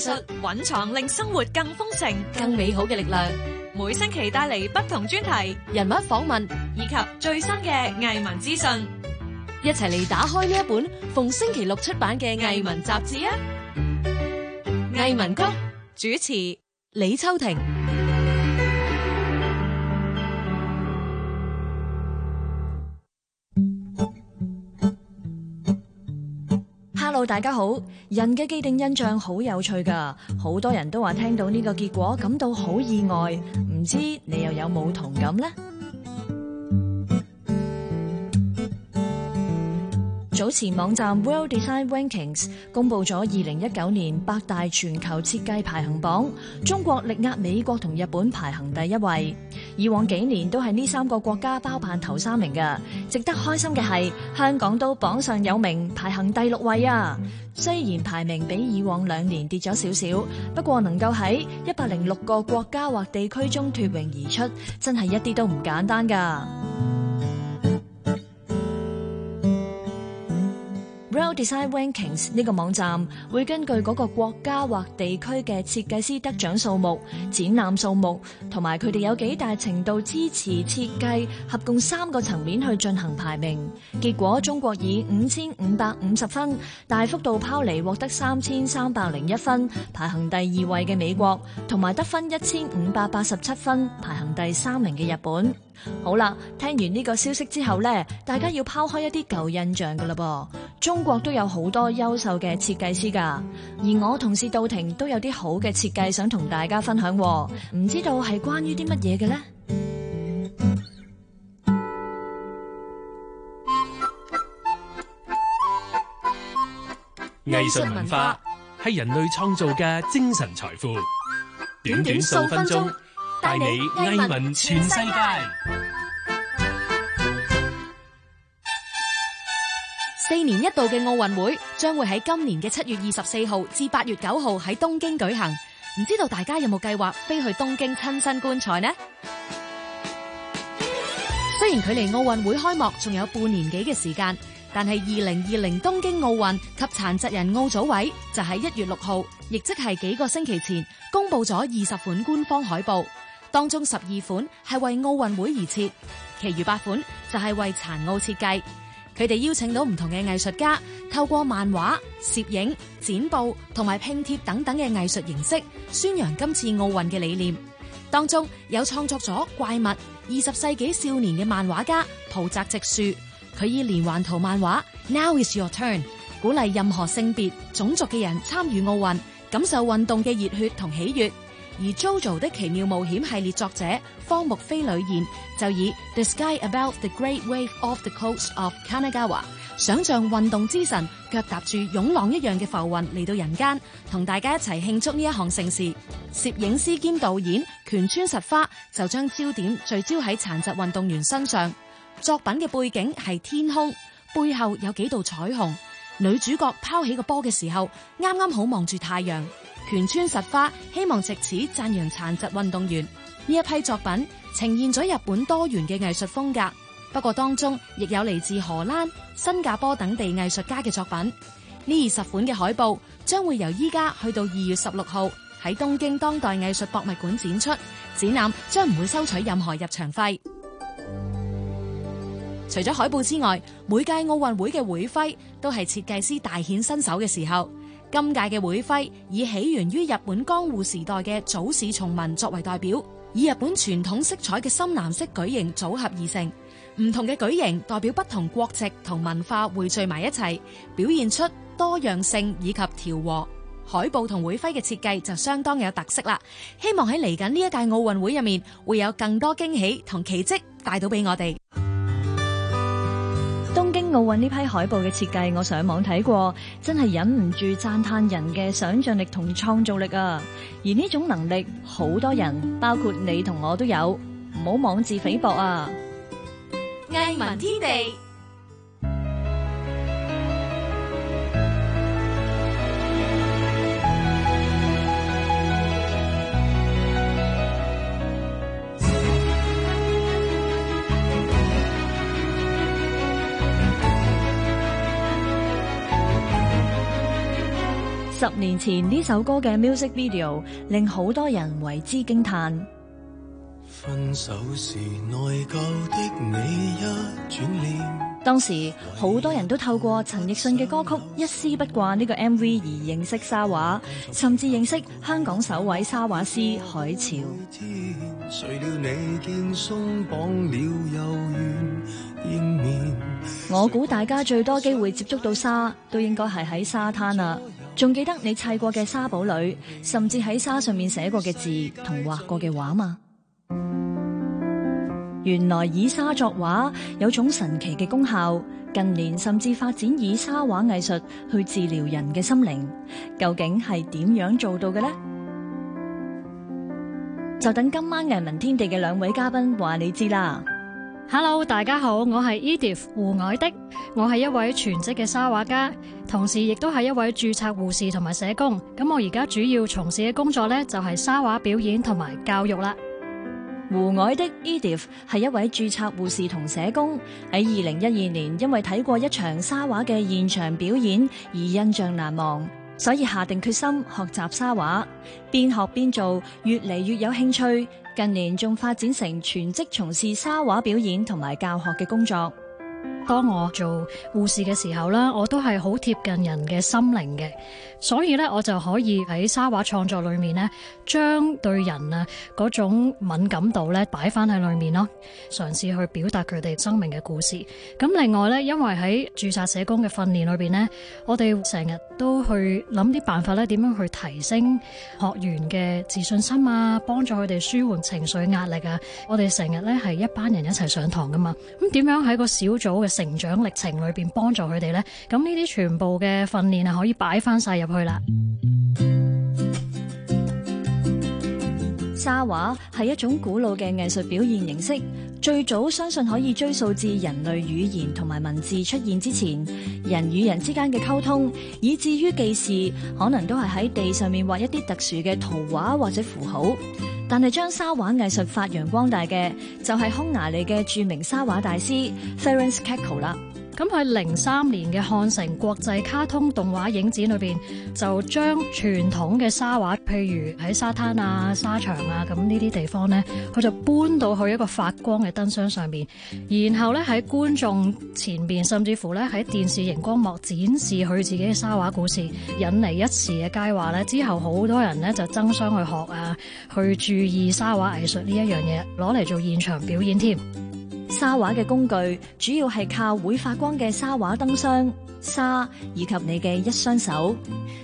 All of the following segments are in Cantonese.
蘊藏令生活更豐盛，更美好嘅力量，每星期帶嚟不同專題、人物訪問，以及最新嘅藝文資訊.一齊嚟打開呢一本逢星期六出版嘅藝文雜誌啊！藝文谷主持李秋婷。大家好，人嘅既定印象好有趣噶，好多人都話聽到呢個結果感到好意外，唔知你又有冇同感呢？早前網站 World Design Rankings 公布咗2019年百大全球設計排行榜，中國力壓美國同日本排行第一位。以往幾年都係呢三個國家包辦頭三名嘅，值得開心嘅係香港都榜上有名，排行第六位啊！雖然排名比以往兩年跌咗少少，不過能夠喺一百零六個國家或地區中脫穎而出，真係一啲都唔簡單噶。Design Rankings 呢個網站會根據嗰個國家或地區嘅設計師得獎數目、展覽數目同埋佢哋有幾大程度支持設計，合共三個層面去進行排名。結果中國以五千五百五十分大幅度拋離，獲得三千三百零一分，排行第二位嘅美國，同埋得分一千五百八十七分，排行第三名嘅日本。好啦，聽完呢個消息之後呢，大家要拋開一啲舊印象噶啦噃。中國都有好多優秀嘅設計師噶，而我同事杜婷都有啲好嘅設計想同大家分享，唔知道係關於啲乜嘢嘅呢？藝術文化係人類創造嘅精神財富，短短數分鐘。帶你慰問全世界。四年一度嘅奧運會將會喺今年嘅七月二十四號至八月九號喺東京舉行。唔知道大家有冇計劃飛去東京親身觀賽呢？雖然距離奧運會開幕仲有半年幾嘅時間，但係二零二零東京奧運及殘疾人奧組委就喺一月六號，亦即係幾個星期前公布咗二十款官方海報。當中十二款係為奧運會而設，其餘八款就係為殘奧設計。佢哋邀請到唔同嘅藝術家，透過漫畫、攝影、剪報同埋拼貼等等嘅藝術形式，宣揚今次奧運嘅理念。當中有創作咗怪物二十世紀少年嘅漫畫家浦澤直樹，佢以連環圖漫畫《Now is your turn》鼓勵任何性別、種族嘅人參與奧運，感受運動嘅熱血同喜悅。而 JoJo 的奇妙冒險系列作者荒木飛呂彥就以 The Sky Above the Great Wave of the Coast of Kanagawa 想象運動之神腳踏住湧浪一樣嘅浮雲嚟到人間，同大家一齊慶祝呢一項盛事。攝影師兼導演蜷川實花就將焦點聚焦喺殘疾運動員身上，作品嘅背景係天空，背後有幾道彩虹。女主角拋起個波嘅時候，啱啱好望住太陽。全村實花希望借此讚揚殘疾運動員。呢一批作品呈現咗日本多元嘅藝術風格，不過當中亦有嚟自荷蘭、新加坡等地藝術家嘅作品。呢二十款嘅海報將會由依家去到二月十六號喺東京當代藝術博物館展出。展覽將唔會收取任何入場費。除咗海報之外，每屆奧運會嘅會徽都係設計師大顯身手嘅時候。今屆嘅會徽以起源於日本江戶時代嘅組市松紋作為代表，以日本傳統色彩嘅深藍色矩形組合而成。唔同嘅矩形代表不同國籍同文化匯聚埋一齊，表現出多樣性以及調和。海報同會徽嘅設計就相當有特色啦。希望喺嚟緊呢一屆奧運會入面會有更多驚喜同奇蹟帶到俾我哋。奧運呢批海報嘅設計，我上網睇過，真係忍唔住讚嘆人嘅想象力同創造力啊！而呢種能力，好多人，包括你同我都有，唔好妄自菲薄啊！藝文天地。十年前呢首歌嘅 music video 令好多人為之驚嘆。分手時內疚的你一轉臉。當時好多人都透過陳奕迅嘅歌曲《一絲不掛》呢個 MV 而認識沙畫，甚至認識香港首位沙畫師海潮。我估大家最多機會接觸到沙，都應該係喺沙灘啦。仲記得你砌過嘅沙堡壘，甚至喺沙上面寫過嘅字同畫過嘅畫嗎？原來以沙作畫有種神奇嘅功效，近年甚至發展以沙畫藝術去治療人嘅心靈。究竟係點樣做到嘅呢？就等今晚《藝文天地》嘅兩位嘉賓話你知啦。Hello，大家好，我係 Edith 胡藹的，我係一位全職嘅沙畫家，同時亦都係一位注冊護士同埋社工。咁我而家主要從事嘅工作呢，就係沙畫表演同埋教育啦。胡藹的 Edith 係一位注冊護士同社工，喺二零一二年因為睇過一場沙畫嘅現場表演而印象難忘。所以下定決心學習沙畫，邊學邊做，越嚟越有興趣，近年仲發展成全職從事沙畫表演同埋教學嘅工作。當我做護士嘅時候啦，我都係好貼近人嘅心靈嘅，所以咧我就可以喺沙畫創作裏面咧，將對人啊嗰種敏感度咧擺翻喺裏面咯，嘗試去表達佢哋生命嘅故事。咁另外咧，因為喺注冊社工嘅訓練裏邊咧，我哋成日都去諗啲辦法咧，點樣去提升學員嘅自信心啊，幫助佢哋舒緩情緒壓力啊。我哋成日咧係一班人一齊上堂噶嘛，咁點樣喺個小組嘅成長歷程裏邊幫助佢哋咧，咁呢啲全部嘅訓練啊，可以擺翻晒入去啦。沙畫係一種古老嘅藝術表現形式。最早相信可以追溯至人類語言同埋文字出現之前，人與人之間嘅溝通，以至於記事，可能都係喺地上面畫一啲特殊嘅圖畫或者符號。但係將沙畫藝術發揚光大嘅，就係、是、匈牙利嘅著名沙畫大師 Ferenc Kecsko 啦。咁喺零三年嘅漢城國際卡通動畫影展裏邊，就將傳統嘅沙畫，譬如喺沙灘啊、沙場啊咁呢啲地方呢，佢就搬到去一個發光嘅燈箱上面。然後咧喺觀眾前面，甚至乎咧喺電視熒光幕展示佢自己嘅沙畫故事，引嚟一時嘅佳話咧。之後好多人呢就爭相去學啊，去注意沙畫藝術呢一樣嘢，攞嚟做現場表演添。沙畫嘅工具主要係靠會發光嘅沙畫燈箱、沙以及你嘅一雙手。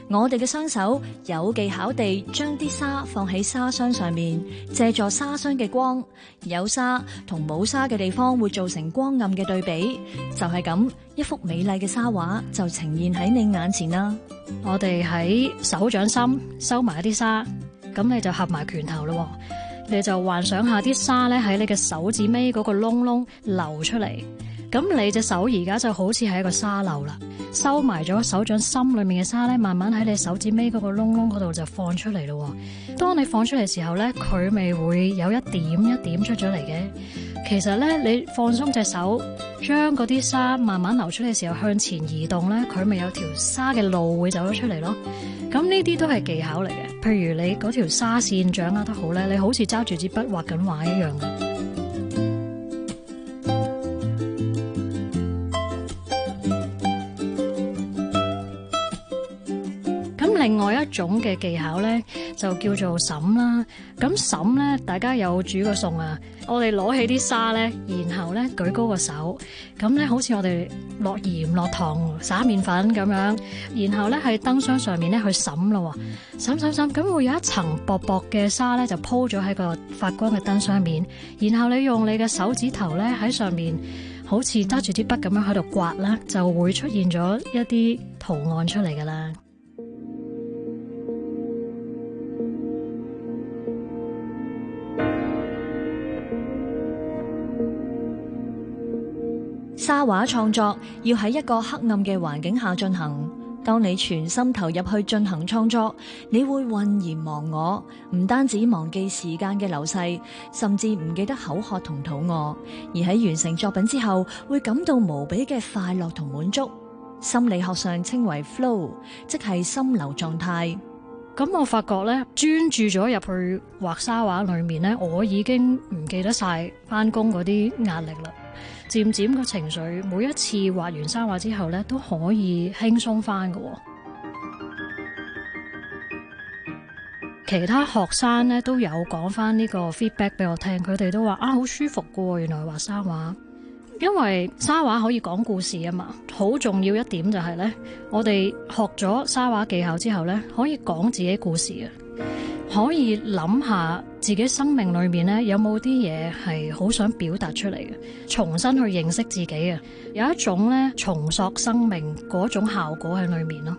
我哋嘅雙手有技巧地將啲沙放喺沙箱上面，借助沙箱嘅光，有沙同冇沙嘅地方會造成光暗嘅對比，就係咁一幅美麗嘅沙畫就呈現喺你眼前啦。我哋喺手掌心收埋一啲沙，咁你就合埋拳頭咯。你就幻想下啲沙咧喺你嘅手指尾嗰個窿窿流出嚟，咁你隻手而家就好似係一個沙漏啦，收埋咗手掌心裏面嘅沙咧，慢慢喺你手指尾嗰個窿窿嗰度就放出嚟咯。當你放出嚟時候咧，佢咪會有一點一點出咗嚟嘅。其實咧，你放鬆隻手，將嗰啲沙慢慢流出嚟嘅時候向前移動咧，佢咪有條沙嘅路會走咗出嚟咯。咁呢啲都係技巧嚟嘅。譬如你嗰條沙線掌握得好咧，你好似揸住支筆畫緊畫一樣。咁另外一種嘅技巧咧。.就叫做沈啦，咁沈咧，大家有煮過餸啊，我哋攞起啲沙咧，然後咧舉高個手，咁咧好似我哋落鹽落糖灑麵粉咁樣，然後咧喺燈箱上面咧去沈咯，沈沈沈，咁會有一層薄薄嘅沙咧就鋪咗喺個發光嘅燈箱面，然後你用你嘅手指頭咧喺上面，好似揸住支筆咁樣喺度刮啦，就會出現咗一啲圖案出嚟噶啦。沙畫創作要喺一個黑暗嘅環境下進行。當你全心投入去進行創作，你會渾然忘我，唔單止忘記時間嘅流逝，甚至唔記得口渴同肚餓。而喺完成作品之後，會感到無比嘅快樂同滿足。心理學上稱為 flow，即係心流狀態。咁我發覺咧，專注咗入去畫沙畫裏面咧，我已經唔記得晒翻工嗰啲壓力啦。漸漸個情緒，每一次畫完沙畫之後咧，都可以輕鬆翻噶。其他學生咧都有講翻呢個 feedback 俾我聽，佢哋都話啊，好舒服噶，哦，原來畫沙畫，因為沙畫可以講故事啊嘛。好重要一點就係咧，我哋學咗沙畫技巧之後咧，可以講自己故事啊。可以諗下自己生命裏面咧，有冇啲嘢係好想表達出嚟嘅，重新去認識自己嘅，有一種咧重塑生命嗰種效果喺裏面咯。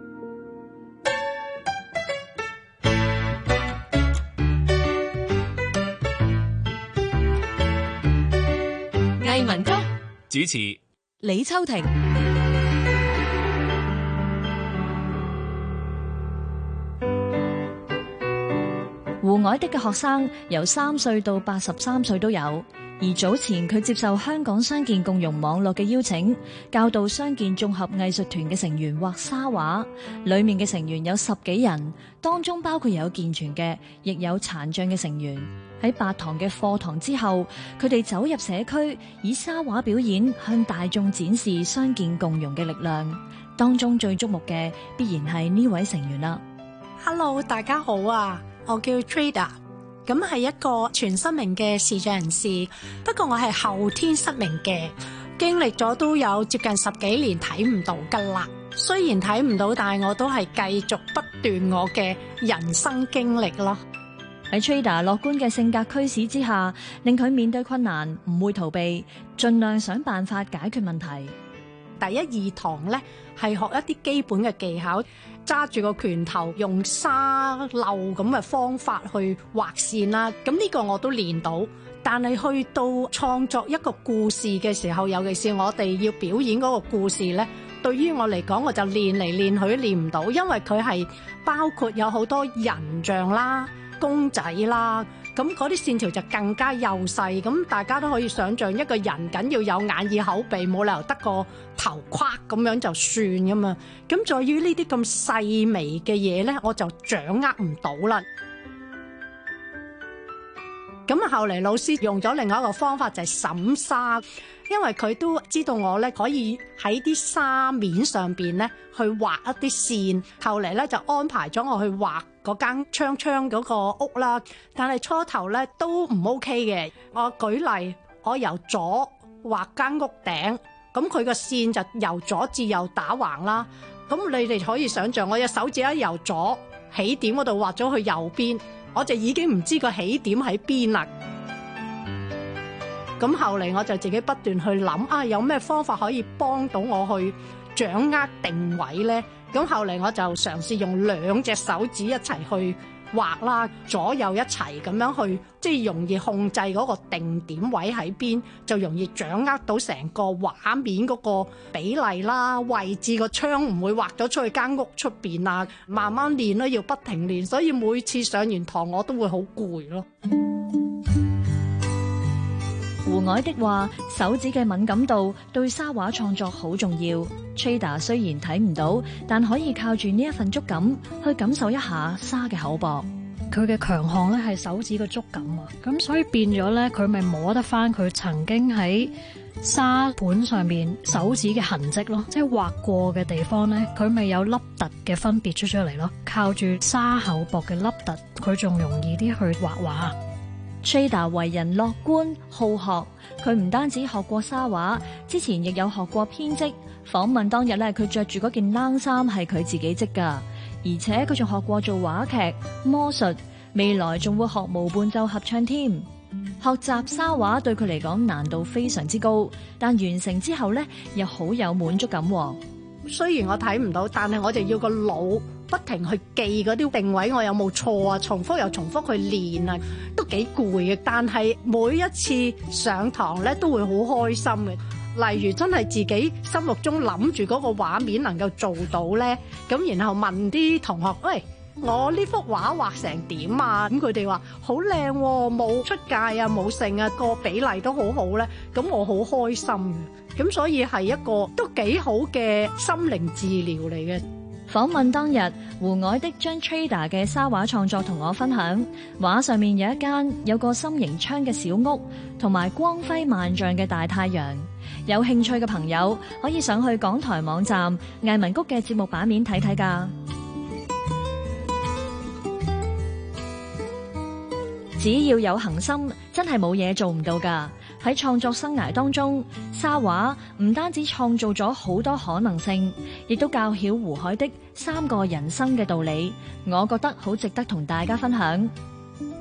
藝文谷主持李秋婷。藹的嘅學生由三歲到八十三歲都有。而早前佢接受香港傷健共融網絡嘅邀請，教導傷健綜合藝術團嘅成員畫沙畫。裏面嘅成員有十幾人，當中包括有健全嘅，亦有殘障嘅成員。喺八堂嘅課堂之後，佢哋走入社區，以沙畫表演向大眾展示傷健共融嘅力量。當中最矚目嘅必然係呢位成員啦。Hello，大家好啊！我叫 Trada，咁係一個全失明嘅視障人士。不過我係後天失明嘅，經歷咗都有接近十幾年睇唔到噶啦。雖然睇唔到，但係我都係繼續不斷我嘅人生經歷咯。喺 Trada 樂觀嘅性格驅使之下，令佢面對困難唔會逃避，盡量想辦法解決問題。第一、二堂呢係學一啲基本嘅技巧。揸住個拳頭，用沙漏咁嘅方法去畫線啦。咁、這、呢個我都練到，但係去到創作一個故事嘅時候，尤其是我哋要表演嗰個故事呢，對於我嚟講，我就練嚟練去都練唔到，因為佢係包括有好多人像啦、公仔啦。咁嗰啲線條就更加幼細，咁大家都可以想像一個人緊要有眼耳口鼻，冇理由得個頭胯咁樣就算噶嘛。咁在於呢啲咁細微嘅嘢呢，我就掌握唔到啦。咁後嚟老師用咗另外一個方法就係審沙，因為佢都知道我呢可以喺啲沙面上面呢去畫一啲線，後嚟呢就安排咗我去畫。嗰間窗窗嗰個屋啦，但係初頭咧都唔 OK 嘅。我舉例，我由左畫間屋頂，咁佢個線就由左至右打橫啦。咁你哋可以想象，我隻手指一由左起點嗰度畫咗去右邊，我就已經唔知個起點喺邊啦。咁後嚟我就自己不斷去諗，啊，有咩方法可以幫到我去掌握定位咧？咁後嚟我就嘗試用兩隻手指一齊去畫啦，左右一齊咁樣去，即係容易控制嗰個定點位喺邊，就容易掌握到成個畫面嗰個比例啦，位置個窗唔會畫咗出去間屋出邊啊。慢慢練咯，要不停練，所以每次上完堂我都會好攰咯。我的話，手指嘅敏感度對沙畫創作好重要。Trada 雖然睇唔到，但可以靠住呢一份觸感去感受一下沙嘅厚薄。佢嘅強項咧係手指嘅觸感啊，咁所以變咗咧，佢咪摸得翻佢曾經喺沙盤上面手指嘅痕迹咯，即係畫過嘅地方咧，佢咪有凹凸嘅分別出出嚟咯。靠住沙厚薄嘅凹凸，佢仲容易啲去畫畫。Trada 為人樂觀、好學，佢唔單止學過沙畫，之前亦有學過編織。訪問當日咧，佢着住嗰件冷衫係佢自己織噶，而且佢仲學過做話劇、魔術，未來仲會學無伴奏合唱添。學習沙畫對佢嚟講難度非常之高，但完成之後咧又好有滿足感。雖然我睇唔到，但係我哋要個腦。不停去記嗰啲定位，我有冇錯啊？重複又重複去練啊，都幾攰嘅。但係每一次上堂咧，都會好開心嘅。例如真係自己心目中諗住嗰個畫面能夠做到咧，咁然後問啲同學：「喂，我呢幅畫畫成點啊？咁佢哋話好靚喎，冇出界啊，冇剩啊，個比例都好好咧。咁我好開心嘅。咁所以係一個都幾好嘅心靈治療嚟嘅。訪問當日，胡藹的將 Trada 嘅沙畫創作同我分享，畫上面有一間有個心形窗嘅小屋，同埋光輝萬丈嘅大太陽。有興趣嘅朋友可以上去港台網站藝文谷嘅節目版面睇睇㗎。只要有恆心，真係冇嘢做唔到㗎。喺創作生涯當中，沙畫唔單止創造咗好多可能性，亦都教曉胡藹的三個人生嘅道理。我覺得好值得同大家分享。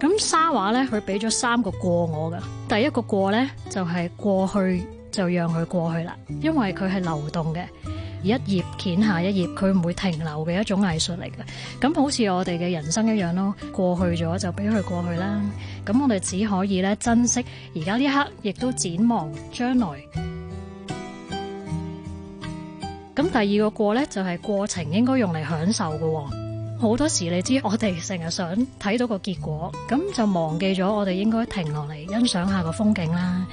咁沙畫咧，佢俾咗三個過我噶。第一個過咧，就係，過去就讓佢過去啦，因為佢係流動嘅。一頁掀下一頁，佢唔會停留嘅一種藝術嚟嘅。咁好似我哋嘅人生一樣咯，過去咗就俾佢過去啦。咁我哋只可以咧珍惜而家呢一刻，亦都展望將來。咁第二個過呢，就係過程應該用嚟享受嘅。好多時你知我哋成日想睇到個結果，咁就忘記咗我哋應該停落嚟欣賞下個風景啦。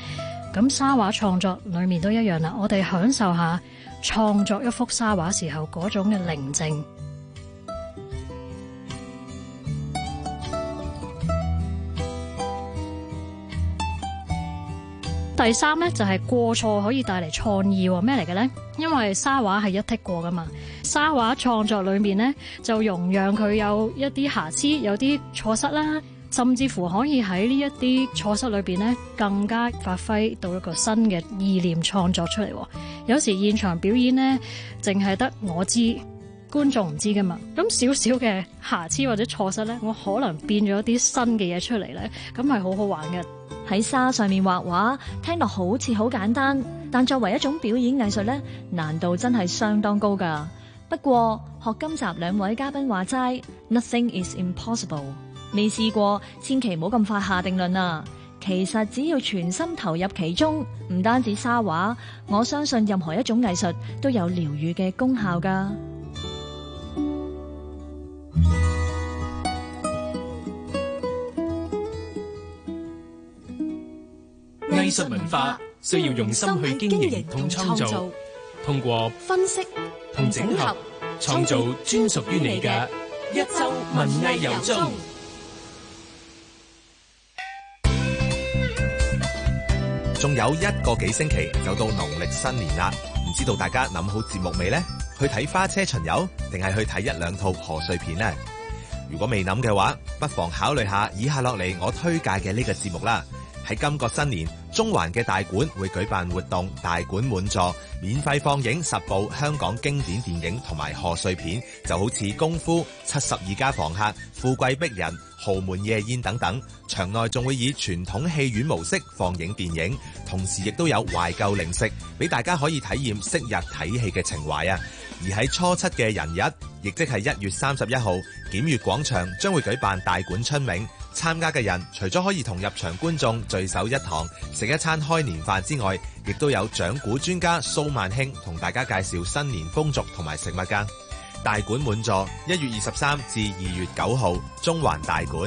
咁沙畫創作裏面都一樣啦，我哋享受下。創作一幅沙畫時候嗰種嘅寧靜。第三咧就係、是、過錯可以帶嚟創意，咩嚟嘅咧？因為沙畫係一剔過噶嘛，沙畫創作裏面咧就容讓佢有一啲瑕疵，有啲錯失啦。甚至乎可以喺呢一啲錯失裏邊咧，更加發揮到一個新嘅意念創作出嚟。有時現場表演呢，淨係得我知，觀眾唔知噶嘛。咁少少嘅瑕疵或者錯失呢，我可能變咗啲新嘅嘢出嚟呢，咁係好好玩嘅。喺沙上面畫畫，聽落好似好簡單，但作為一種表演藝術呢，難度真係相當高噶。不過學今集兩位嘉賓話齋，Nothing is impossible。未試過，千祈唔好咁快下定論啊！其實只要全心投入其中，唔單止沙畫，我相信任何一種藝術都有療癒嘅功效㗎。藝術文化需要用心去經營同創造，通過分析同整合，創造專屬於你嘅一周文藝有鐘。仲有一個幾星期就到農曆新年啦，唔知道大家諗好節目未呢？去睇花車巡遊，定係去睇一兩套賀歲片呢？如果未諗嘅話，不妨考慮下以下落嚟我推介嘅呢個節目啦。喺今個新年，中環嘅大館會舉辦活動，大館滿座，免費放映十部香港經典電影同埋賀歲片，就好似《功夫》、《七十二家房客》、《富貴逼人》。豪門夜宴等等，場內仲會以傳統戲院模式放映電影，同時亦都有懷舊零食俾大家可以體驗昔日睇戲嘅情懷啊！而喺初七嘅人日，亦即係一月三十一號，檢閱廣場將會舉辦大館春茗，參加嘅人除咗可以同入場觀眾聚首一堂食一餐開年飯之外，亦都有掌故專家蘇萬興同大家介紹新年風俗同埋食物噶。大館滿座，一月二十三至二月九號，中環大館。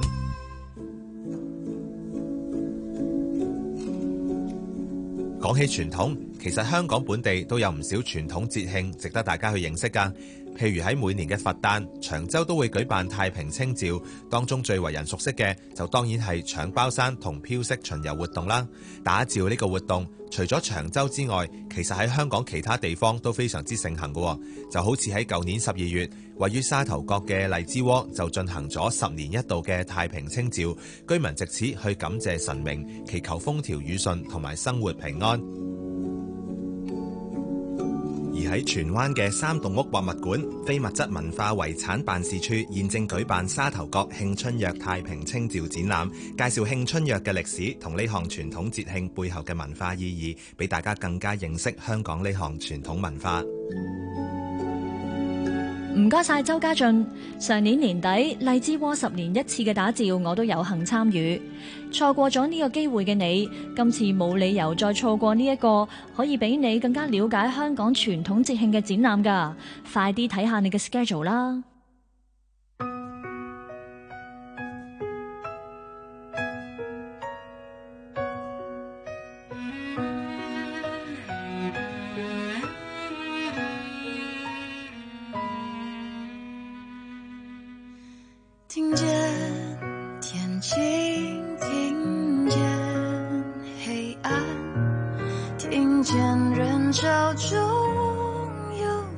講起傳統，其實香港本地都有唔少傳統節慶，值得大家去認識㗎。譬如喺每年嘅佛誕，長洲都會舉辦太平清醮。當中最為人熟悉嘅就當然係搶包山同飄色巡遊活動啦。打醮呢個活動除咗長洲之外，其實喺香港其他地方都非常之盛行噶，就好似喺舊年十二月，位於沙頭角嘅荔枝窩就進行咗十年一度嘅太平清醮。居民借此去感謝神明，祈求風調雨順同埋生活平安。而喺荃灣嘅三棟屋博物館非物質文化遺產辦事處現正舉辦沙頭角慶春約太平清醮展覽，介紹慶春約嘅歷史同呢項傳統節慶背後嘅文化意義，俾大家更加認識香港呢項傳統文化。唔該晒周家俊。上年年底荔枝窩十年一次嘅打醮，我都有幸參與。錯過咗呢個機會嘅你，今次冇理由再錯過呢、這、一個可以俾你更加了解香港傳統節慶嘅展覽㗎。快啲睇下你嘅 schedule 啦。